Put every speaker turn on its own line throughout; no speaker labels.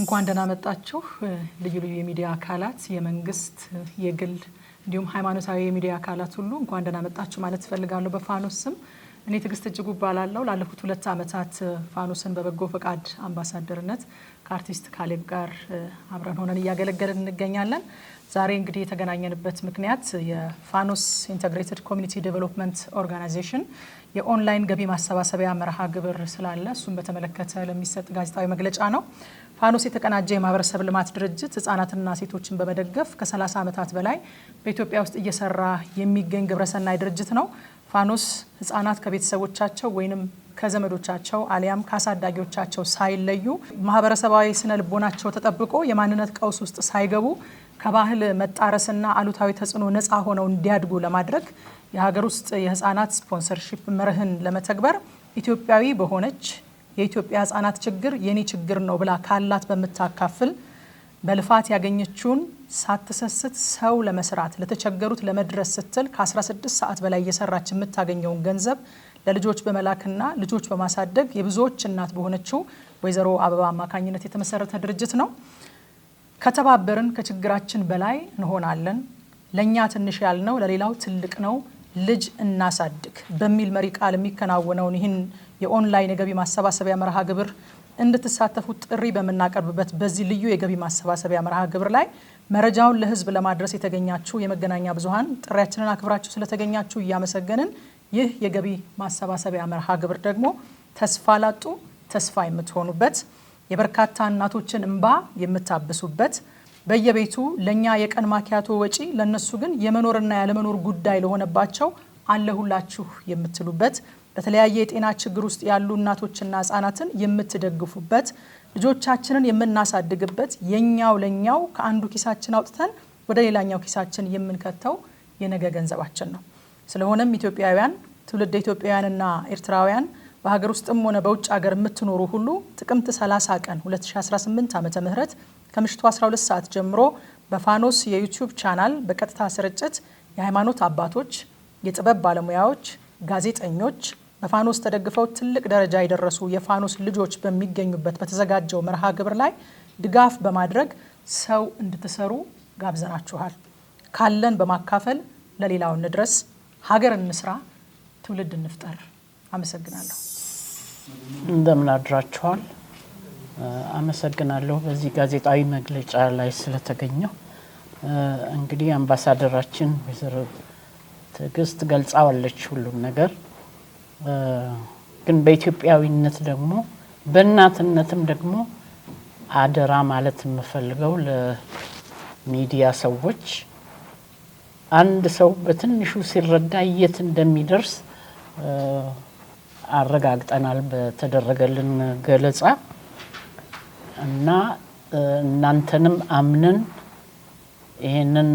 እንኳን ደህና መጣችሁ። ልዩ ልዩ የሚዲያ አካላት የመንግስት፣ የግል እንዲሁም ሃይማኖታዊ የሚዲያ አካላት ሁሉ እንኳን ደህና መጣችሁ ማለት እፈልጋለሁ በፋኖስ ስም። እኔ ትዕግስት እጅጉ እባላለሁ። ላለፉት ሁለት ዓመታት ፋኖስን በበጎ ፈቃድ አምባሳደርነት ከአርቲስት ካሌብ ጋር አብረን ሆነን እያገለገልን እንገኛለን። ዛሬ እንግዲህ የተገናኘንበት ምክንያት የፋኖስ ኢንተግሬትድ ኮሚኒቲ ዴቨሎፕመንት ኦርጋናይዜሽን የኦንላይን ገቢ ማሰባሰቢያ መርሃ ግብር ስላለ እሱን በተመለከተ ለሚሰጥ ጋዜጣዊ መግለጫ ነው። ፋኖስ የተቀናጀ የማህበረሰብ ልማት ድርጅት ህጻናትና ሴቶችን በመደገፍ ከ30 ዓመታት በላይ በኢትዮጵያ ውስጥ እየሰራ የሚገኝ ግብረሰናይ ድርጅት ነው። ፋኖስ ህጻናት ከቤተሰቦቻቸው ወይንም ከዘመዶቻቸው አሊያም ከአሳዳጊዎቻቸው ሳይለዩ ማህበረሰባዊ ስነ ልቦናቸው ተጠብቆ የማንነት ቀውስ ውስጥ ሳይገቡ ከባህል መጣረስና አሉታዊ ተጽዕኖ ነፃ ሆነው እንዲያድጉ ለማድረግ የሀገር ውስጥ የህጻናት ስፖንሰርሺፕ መርህን ለመተግበር ኢትዮጵያዊ በሆነች የኢትዮጵያ ህጻናት ችግር የኔ ችግር ነው ብላ ካላት በምታካፍል በልፋት ያገኘችውን ሳትሰስት ሰው ለመስራት ለተቸገሩት ለመድረስ ስትል ከ16 ሰዓት በላይ እየሰራች የምታገኘውን ገንዘብ ለልጆች በመላክና ልጆች በማሳደግ የብዙዎች እናት በሆነችው ወይዘሮ አበባ አማካኝነት የተመሰረተ ድርጅት ነው። ከተባበርን ከችግራችን በላይ እንሆናለን። ለእኛ ትንሽ ያልነው ለሌላው ትልቅ ነው። ልጅ እናሳድግ በሚል መሪ ቃል የሚከናወነውን ይህን የኦንላይን የገቢ ማሰባሰቢያ መርሃ ግብር እንድትሳተፉ ጥሪ በምናቀርብበት በዚህ ልዩ የገቢ ማሰባሰቢያ መርሃ ግብር ላይ መረጃውን ለሕዝብ ለማድረስ የተገኛችሁ የመገናኛ ብዙኃን ጥሪያችንን አክብራችሁ ስለተገኛችሁ እያመሰገንን ይህ የገቢ ማሰባሰቢያ መርሃ ግብር ደግሞ ተስፋ ላጡ ተስፋ የምትሆኑበት የበርካታ እናቶችን እንባ የምታብሱበት በየቤቱ ለእኛ የቀን ማኪያቶ ወጪ ለእነሱ ግን የመኖርና ያለመኖር ጉዳይ ለሆነባቸው አለሁላችሁ የምትሉበት በተለያየ የጤና ችግር ውስጥ ያሉ እናቶችና ህጻናትን የምትደግፉበት ልጆቻችንን የምናሳድግበት የኛው ለኛው ከአንዱ ኪሳችን አውጥተን ወደ ሌላኛው ኪሳችን የምንከተው የነገ ገንዘባችን ነው። ስለሆነም ኢትዮጵያውያን፣ ትውልድ ኢትዮጵያውያንና ኤርትራውያን በሀገር ውስጥም ሆነ በውጭ ሀገር የምትኖሩ ሁሉ ጥቅምት 30 ቀን 2018 ዓ ም ከምሽቱ 12 ሰዓት ጀምሮ በፋኖስ የዩቲዩብ ቻናል በቀጥታ ስርጭት የሃይማኖት አባቶች፣ የጥበብ ባለሙያዎች፣ ጋዜጠኞች በፋኖስ ተደግፈው ትልቅ ደረጃ የደረሱ የፋኖስ ልጆች በሚገኙበት በተዘጋጀው መርሃ ግብር ላይ ድጋፍ በማድረግ ሰው እንድትሰሩ ጋብዘናችኋል። ካለን በማካፈል ለሌላው እንድረስ፣ ሀገር እንስራ፣ ትውልድ እንፍጠር። አመሰግናለሁ።
እንደምን አድራችኋል? አመሰግናለሁ በዚህ ጋዜጣዊ መግለጫ ላይ ስለተገኘው። እንግዲህ አምባሳደራችን ወይዘሮ ትዕግስት ገልጻዋለች ሁሉም ነገር ግን በኢትዮጵያዊነት ደግሞ በእናትነትም ደግሞ አደራ ማለት የምፈልገው ለሚዲያ ሰዎች አንድ ሰው በትንሹ ሲረዳ የት እንደሚደርስ አረጋግጠናል በተደረገልን ገለጻ እና እናንተንም አምነን ይህንን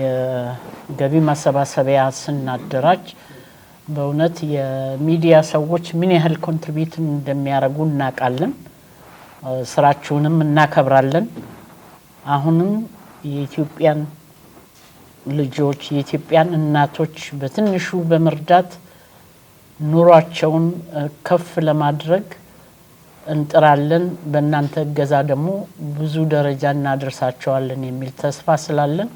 የገቢ ማሰባሰቢያ ስናደራጅ በእውነት የሚዲያ ሰዎች ምን ያህል ኮንትሪቢዩት እንደሚያደርጉ እናውቃለን። ስራችሁንም እናከብራለን። አሁንም የኢትዮጵያን ልጆች የኢትዮጵያን እናቶች በትንሹ በመርዳት ኑሯቸውን ከፍ ለማድረግ እንጥራለን። በእናንተ እገዛ ደግሞ ብዙ ደረጃ እናደርሳቸዋለን የሚል ተስፋ ስላለን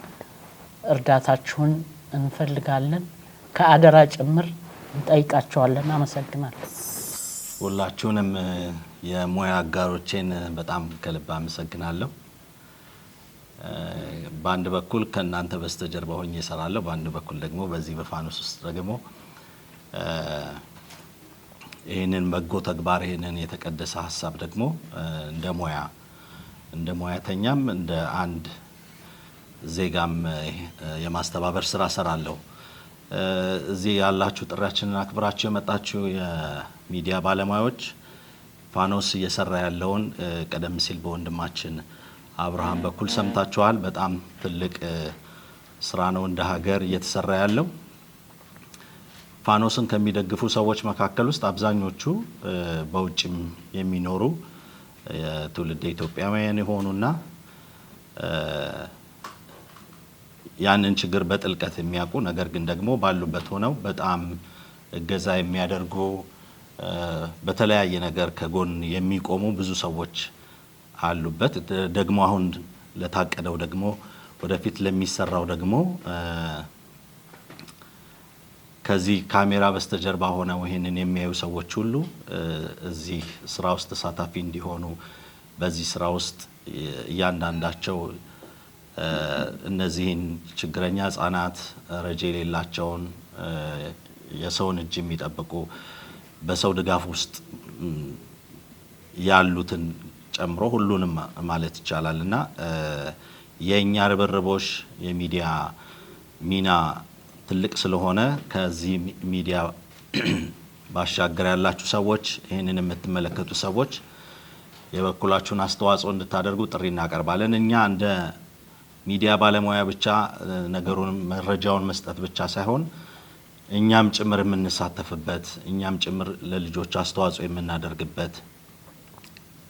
እርዳታችሁን እንፈልጋለን ከአደራ ጭምር እንጠይቃቸዋለን። አመሰግናለን።
ሁላችሁንም የሙያ አጋሮቼን በጣም ከልብ አመሰግናለሁ። በአንድ በኩል ከእናንተ በስተጀርባ ሆኜ እሰራለሁ፣ በአንድ በኩል ደግሞ በዚህ በፋኖስ ውስጥ ደግሞ ይህንን በጎ ተግባር ይህንን የተቀደሰ ሀሳብ ደግሞ እንደ ሙያ እንደ ሙያተኛም እንደ አንድ ዜጋም የማስተባበር ስራ እሰራለሁ። እዚህ ያላችሁ ጥሪያችንን አክብራችሁ የመጣችሁ የሚዲያ ባለሙያዎች ፋኖስ እየሰራ ያለውን ቀደም ሲል በወንድማችን አብርሃም በኩል ሰምታችኋል። በጣም ትልቅ ስራ ነው እንደ ሀገር እየተሰራ ያለው። ፋኖስን ከሚደግፉ ሰዎች መካከል ውስጥ አብዛኞቹ በውጭም የሚኖሩ ትውልድ ኢትዮጵያውያን የሆኑና ያንን ችግር በጥልቀት የሚያውቁ ነገር ግን ደግሞ ባሉበት ሆነው በጣም እገዛ የሚያደርጉ በተለያየ ነገር ከጎን የሚቆሙ ብዙ ሰዎች አሉበት። ደግሞ አሁን ለታቀደው ደግሞ ወደፊት ለሚሰራው ደግሞ ከዚህ ካሜራ በስተጀርባ ሆነው ይህንን የሚያዩ ሰዎች ሁሉ እዚህ ስራ ውስጥ ተሳታፊ እንዲሆኑ በዚህ ስራ ውስጥ እያንዳንዳቸው እነዚህን ችግረኛ ህጻናት፣ ረጄ የሌላቸውን፣ የሰውን እጅ የሚጠብቁ በሰው ድጋፍ ውስጥ ያሉትን ጨምሮ ሁሉንም ማለት ይቻላል እና የእኛ ርብርቦች የሚዲያ ሚና ትልቅ ስለሆነ ከዚህ ሚዲያ ባሻገር ያላችሁ ሰዎች ይህንን የምትመለከቱ ሰዎች የበኩላችሁን አስተዋጽኦ እንድታደርጉ ጥሪ እናቀርባለን። እኛ እንደ ሚዲያ ባለሙያ ብቻ ነገሩን መረጃውን መስጠት ብቻ ሳይሆን እኛም ጭምር የምንሳተፍበት እኛም ጭምር ለልጆች አስተዋጽኦ የምናደርግበት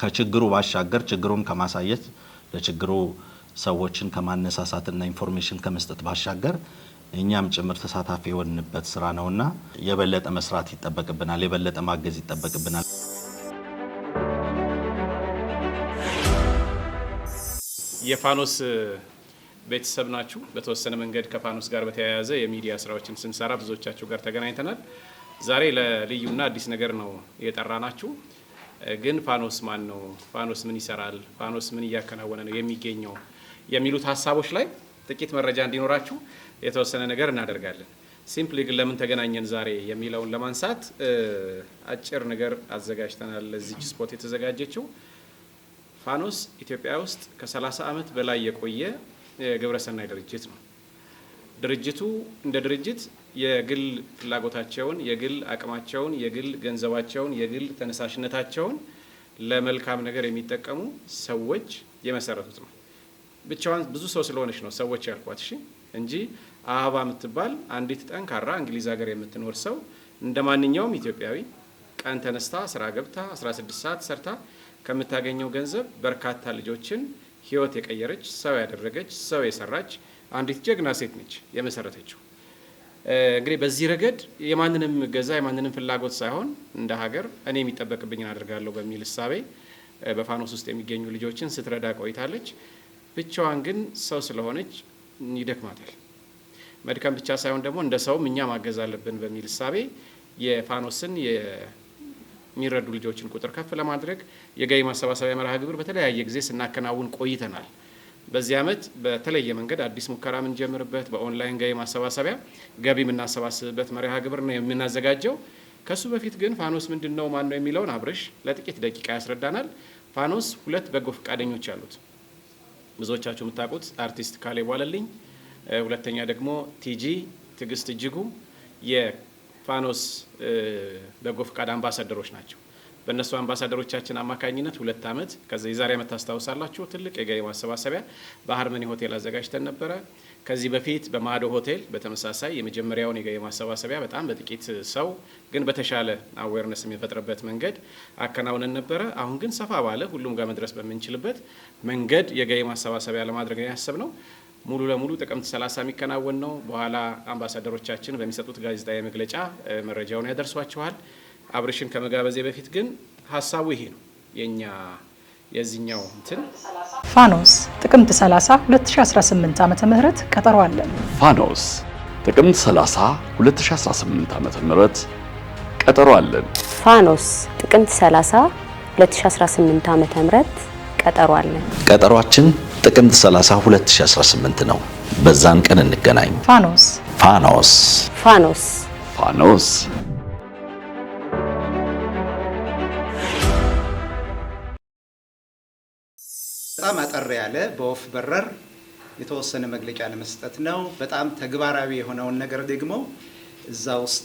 ከችግሩ ባሻገር ችግሩን ከማሳየት ለችግሩ ሰዎችን ከማነሳሳትና ኢንፎርሜሽን ከመስጠት ባሻገር እኛም ጭምር ተሳታፊ የሆንበት ስራ ነውና የበለጠ መስራት ይጠበቅብናል፣ የበለጠ ማገዝ ይጠበቅብናል።
የፋኖስ ቤተሰብ ናችሁ። በተወሰነ መንገድ ከፋኖስ ጋር በተያያዘ የሚዲያ ስራዎችን ስንሰራ ብዙዎቻችሁ ጋር ተገናኝተናል። ዛሬ ለልዩና አዲስ ነገር ነው የጠራ ናችሁ። ግን ፋኖስ ማን ነው? ፋኖስ ምን ይሰራል? ፋኖስ ምን እያከናወነ ነው የሚገኘው? የሚሉት ሀሳቦች ላይ ጥቂት መረጃ እንዲኖራችሁ የተወሰነ ነገር እናደርጋለን። ሲምፕሊ ግን ለምን ተገናኘን ዛሬ የሚለውን ለማንሳት አጭር ነገር አዘጋጅተናል። ለዚች ስፖት የተዘጋጀችው ፋኖስ ኢትዮጵያ ውስጥ ከ30 ዓመት በላይ የቆየ የግብረሰናይ ድርጅት ነው። ድርጅቱ እንደ ድርጅት የግል ፍላጎታቸውን፣ የግል አቅማቸውን፣ የግል ገንዘባቸውን፣ የግል ተነሳሽነታቸውን ለመልካም ነገር የሚጠቀሙ ሰዎች የመሰረቱት ነው። ብቻዋን ብዙ ሰው ስለሆነች ነው ሰዎች ያልኳት እሺ፣ እንጂ አበባ የምትባል አንዲት ጠንካራ እንግሊዝ ሀገር የምትኖር ሰው እንደ ማንኛውም ኢትዮጵያዊ ቀን ተነስታ ስራ ገብታ 16 ሰዓት ሰርታ ከምታገኘው ገንዘብ በርካታ ልጆችን ህይወት የቀየረች ሰው ያደረገች ሰው የሰራች አንዲት ጀግና ሴት ነች የመሰረተችው። እንግዲህ በዚህ ረገድ የማንንም ገዛ የማንንም ፍላጎት ሳይሆን እንደ ሀገር እኔ የሚጠበቅብኝን አድርጋለሁ በሚል እሳቤ በፋኖስ ውስጥ የሚገኙ ልጆችን ስትረዳ ቆይታለች። ብቻዋን ግን ሰው ስለሆነች ይደክማታል። መድከም ብቻ ሳይሆን ደግሞ እንደ ሰውም እኛ ማገዝ አለብን በሚል እሳቤ የፋኖስን የሚረዱ ልጆችን ቁጥር ከፍ ለማድረግ የገቢ ማሰባሰቢያ መርሃ ግብር በተለያየ ጊዜ ስናከናውን ቆይተናል። በዚህ ዓመት በተለየ መንገድ አዲስ ሙከራ የምንጀምርበት በኦንላይን ገቢ ማሰባሰቢያ ገቢ የምናሰባስብበት መርሃ ግብር ነው የምናዘጋጀው። ከሱ በፊት ግን ፋኖስ ምንድን ነው ማን ነው የሚለውን አብርሽ ለጥቂት ደቂቃ ያስረዳናል። ፋኖስ ሁለት በጎ ፈቃደኞች አሉት። ብዙዎቻችሁ የምታውቁት አርቲስት ካሌ ቧለልኝ፣ ሁለተኛ ደግሞ ቲጂ ትግስት እጅጉ ፋኖስ በጎ ፈቃድ አምባሳደሮች ናቸው። በእነሱ አምባሳደሮቻችን አማካኝነት ሁለት ዓመት ከዚ የዛሬ ዓመት ታስታውሳላችሁ ትልቅ የገቢ ማሰባሰቢያ ባህር ሆቴል አዘጋጅተን ነበረ። ከዚህ በፊት በማዶ ሆቴል በተመሳሳይ የመጀመሪያውን የገቢ ማሰባሰቢያ በጣም በጥቂት ሰው ግን በተሻለ አዌርነስ የሚፈጥርበት መንገድ አከናውነን ነበረ። አሁን ግን ሰፋ ባለ ሁሉም ጋር መድረስ በምንችልበት መንገድ የገቢ ማሰባሰቢያ ለማድረግ ነው ያሰብነው። ሙሉ ለሙሉ ጥቅምት 30 የሚከናወን ነው። በኋላ አምባሳደሮቻችን በሚሰጡት ጋዜጣዊ መግለጫ መረጃውን ያደርሷችኋል። አብርሽን ከመጋበዜ በፊት ግን ሀሳቡ ይሄ ነው የእኛ የዚህኛው እንትን
ፋኖስ ጥቅምት 30 2018 ዓመተ ምህረት ቀጠሮ አለን።
ፋኖስ ጥቅምት 30 2018 ዓመተ ምህረት ቀጠሮ አለን። ፋኖስ ጥቅምት 30 2018 ዓመተ ምህረት ቀጠሮ አለን።
ቀጠሯችን ጥቅምት 30 2018 ነው።
በዛን ቀን እንገናኝ። ፋኖስ ፋኖስ ፋኖስ ፋኖስ
በጣም አጠር ያለ በወፍ በረር የተወሰነ መግለጫ ለመስጠት ነው። በጣም ተግባራዊ የሆነውን ነገር ደግሞ እዛ ውስጥ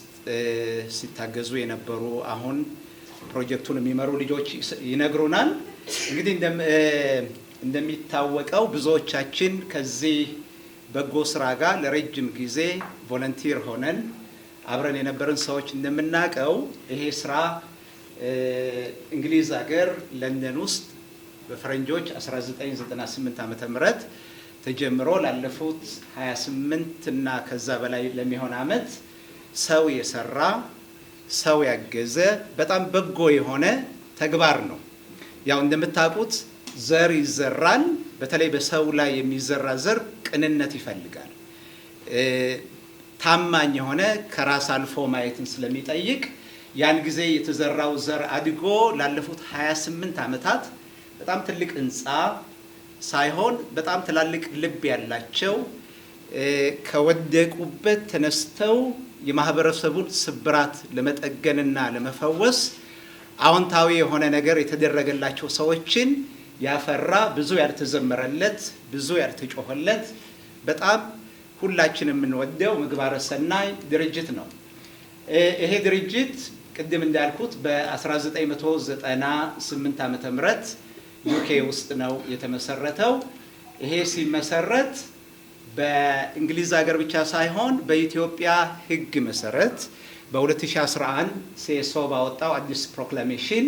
ሲታገዙ የነበሩ አሁን ፕሮጀክቱን የሚመሩ ልጆች ይነግሩናል። እንግዲህ እንደሚታወቀው ብዙዎቻችን ከዚህ በጎ ስራ ጋር ለረጅም ጊዜ ቮለንቲር ሆነን አብረን የነበረን ሰዎች እንደምናውቀው ይሄ ስራ እንግሊዝ ሀገር ለንደን ውስጥ በፈረንጆች 1998 ዓ ም ተጀምሮ ላለፉት 28 እና ከዛ በላይ ለሚሆን አመት ሰው የሰራ ሰው ያገዘ በጣም በጎ የሆነ ተግባር ነው። ያው እንደምታውቁት ዘር ይዘራል። በተለይ በሰው ላይ የሚዘራ ዘር ቅንነት ይፈልጋል። ታማኝ የሆነ ከራስ አልፎ ማየትን ስለሚጠይቅ ያን ጊዜ የተዘራው ዘር አድጎ ላለፉት 28 ዓመታት በጣም ትልቅ ህንፃ ሳይሆን በጣም ትላልቅ ልብ ያላቸው ከወደቁበት ተነስተው የማህበረሰቡን ስብራት ለመጠገንና ለመፈወስ አዎንታዊ የሆነ ነገር የተደረገላቸው ሰዎችን ያፈራ ብዙ ያልተዘመረለት ብዙ ያልተጮኸለት በጣም ሁላችን የምንወደው ምግባረ ሰናይ ድርጅት ነው። ይሄ ድርጅት ቅድም እንዳልኩት በ1998 ዓመተ ምህረት ዩኬ ውስጥ ነው የተመሰረተው። ይሄ ሲመሰረት በእንግሊዝ ሀገር ብቻ ሳይሆን በኢትዮጵያ ሕግ መሰረት በ2011 ሴሶ ባወጣው አዲስ ፕሮክላሜሽን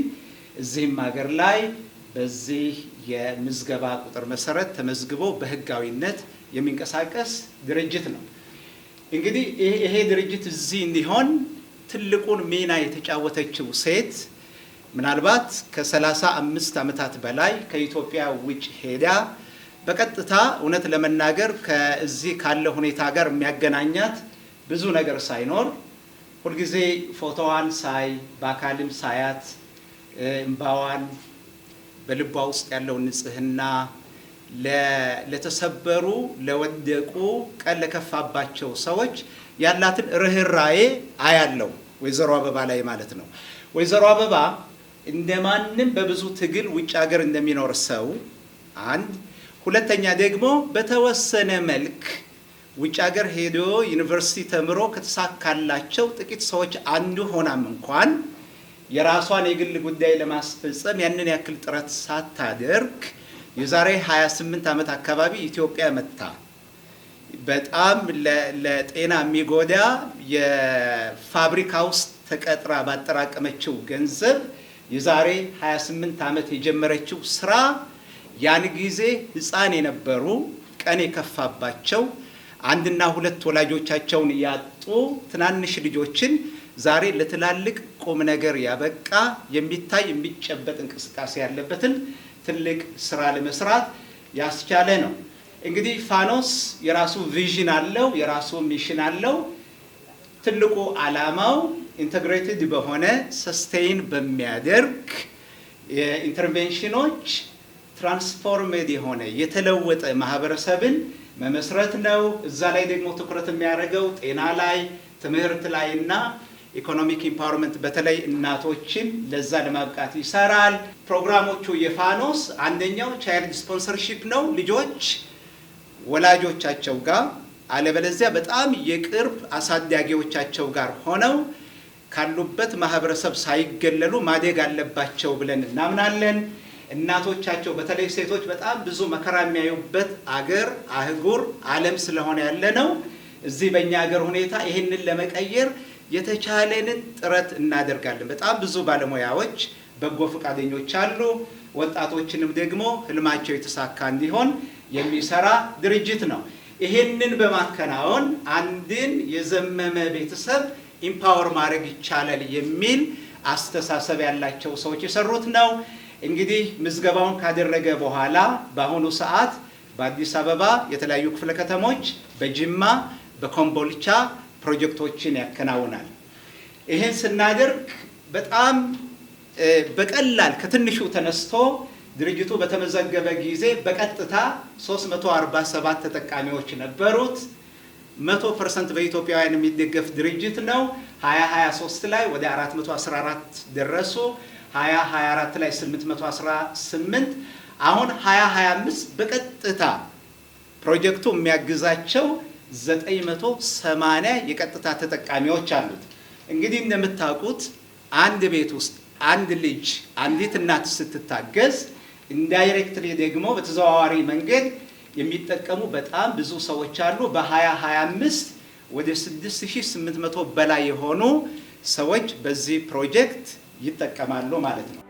እዚህም ሀገር ላይ በዚህ የምዝገባ ቁጥር መሰረት ተመዝግቦ በህጋዊነት የሚንቀሳቀስ ድርጅት ነው። እንግዲህ ይሄ ድርጅት እዚህ እንዲሆን ትልቁን ሚና የተጫወተችው ሴት ምናልባት ከሰላሳ አምስት ዓመታት በላይ ከኢትዮጵያ ውጭ ሄዳ በቀጥታ እውነት ለመናገር ከዚህ ካለ ሁኔታ ጋር የሚያገናኛት ብዙ ነገር ሳይኖር ሁልጊዜ ፎቶዋን ሳይ በአካልም ሳያት እምባዋን በልቧ ውስጥ ያለው ንጽህና ለተሰበሩ፣ ለወደቁ፣ ቀን ለከፋባቸው ሰዎች ያላትን ርኅራዬ አያለው ወይዘሮ አበባ ላይ ማለት ነው። ወይዘሮ አበባ እንደማንም በብዙ ትግል ውጭ ሀገር እንደሚኖር ሰው አንድ፣ ሁለተኛ ደግሞ በተወሰነ መልክ ውጭ ሀገር ሄዶ ዩኒቨርሲቲ ተምሮ ከተሳካላቸው ጥቂት ሰዎች አንዱ ሆናም እንኳን የራሷን የግል ጉዳይ ለማስፈጸም ያንን ያክል ጥረት ሳታደርግ የዛሬ 28 ዓመት አካባቢ ኢትዮጵያ መታ በጣም ለጤና የሚጎዳ የፋብሪካ ውስጥ ተቀጥራ ባጠራቀመችው ገንዘብ የዛሬ 28 ዓመት የጀመረችው ስራ ያን ጊዜ ህፃን የነበሩ ቀን የከፋባቸው አንድና ሁለት ወላጆቻቸውን ያጡ ትናንሽ ልጆችን ዛሬ ለትላልቅ ቁም ነገር ያበቃ የሚታይ የሚጨበጥ እንቅስቃሴ ያለበትን ትልቅ ስራ ለመስራት ያስቻለ ነው። እንግዲህ ፋኖስ የራሱ ቪዥን አለው፣ የራሱ ሚሽን አለው። ትልቁ አላማው ኢንተግሬትድ በሆነ ሰስቴይን በሚያደርግ የኢንተርቬንሽኖች ትራንስፎርሜድ የሆነ የተለወጠ ማህበረሰብን መመስረት ነው። እዛ ላይ ደግሞ ትኩረት የሚያደርገው ጤና ላይ፣ ትምህርት ላይ እና ኢኮኖሚክ ኢምፓወርመንት በተለይ እናቶችን ለዛ ለማብቃት ይሰራል። ፕሮግራሞቹ የፋኖስ አንደኛው ቻይልድ ስፖንሰርሺፕ ነው። ልጆች ወላጆቻቸው ጋር አለበለዚያ በጣም የቅርብ አሳዳጊዎቻቸው ጋር ሆነው ካሉበት ማህበረሰብ ሳይገለሉ ማደግ አለባቸው ብለን እናምናለን። እናቶቻቸው በተለይ ሴቶች በጣም ብዙ መከራ የሚያዩበት አገር አህጉር ዓለም ስለሆነ ያለ ነው። እዚህ በእኛ ሀገር ሁኔታ ይህንን ለመቀየር የተቻለንን ጥረት እናደርጋለን። በጣም ብዙ ባለሙያዎች፣ በጎ ፈቃደኞች አሉ። ወጣቶችንም ደግሞ ህልማቸው የተሳካ እንዲሆን የሚሰራ ድርጅት ነው። ይሄንን በማከናወን አንድን የዘመመ ቤተሰብ ኢምፓወር ማድረግ ይቻላል የሚል አስተሳሰብ ያላቸው ሰዎች የሰሩት ነው። እንግዲህ ምዝገባውን ካደረገ በኋላ በአሁኑ ሰዓት በአዲስ አበባ የተለያዩ ክፍለ ከተሞች፣ በጅማ፣ በኮምቦልቻ ፕሮጀክቶችን ያከናውናል። ይህን ስናደርግ በጣም በቀላል ከትንሹ ተነስቶ ድርጅቱ በተመዘገበ ጊዜ በቀጥታ 347 ተጠቃሚዎች ነበሩት። 100 በኢትዮጵያውያን የሚደገፍ ድርጅት ነው። 2023 ላይ ወደ 414 ደረሱ። 2024 ላይ 818 አሁን 2025 በቀጥታ ፕሮጀክቱ የሚያግዛቸው 980 የቀጥታ ተጠቃሚዎች አሉት። እንግዲህ እንደምታውቁት አንድ ቤት ውስጥ አንድ ልጅ አንዲት እናት ስትታገዝ ኢንዳይሬክትሊ ደግሞ በተዘዋዋሪ መንገድ የሚጠቀሙ በጣም ብዙ ሰዎች አሉ። በ2025 ወደ 6800 በላይ የሆኑ ሰዎች በዚህ ፕሮጀክት ይጠቀማሉ ማለት ነው።